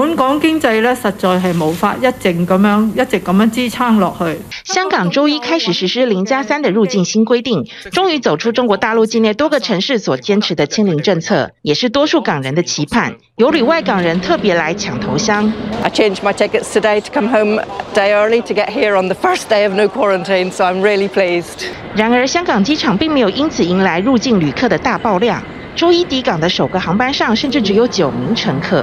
本港經濟咧，實在係冇法一直咁樣，一直咁樣支撐落去。香港周一開始實施零加三的入境新規定，終於走出中國大陸境內多個城市所堅持的清零政策，也是多數港人的期盼。有旅外港人特別來搶頭香。I change my tickets today to come home a day early to get here on the first day of no quarantine, so I'm really pleased. 然而，香港機場並沒有因此迎來入境旅客的大爆量。周一抵港的首個航班上，甚至只有九名乘客。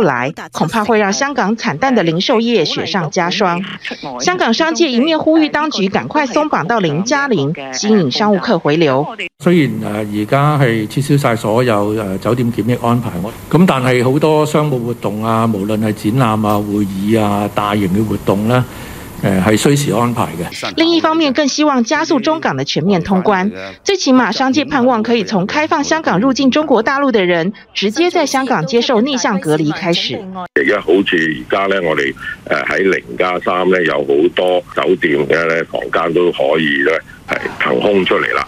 來恐怕會讓香港慘淡的零售業雪上加霜。香港商界一面呼籲當局趕快鬆綁到零加零，吸引商務客回流。雖然誒而家係撤銷晒所有誒酒店檢疫安排，咁但係好多商務活動啊，無論係展覽啊、會議啊、大型嘅活動啦。誒，係需時安排嘅。另一方面，更希望加速中港嘅全面通關，最起碼商界盼望可以從開放香港入境中國大陸嘅人，直接在香港接受逆向隔離開始。而家好似而家咧，我哋誒喺零加三咧，有好多酒店嘅咧房間都可以咧係騰空出嚟啦。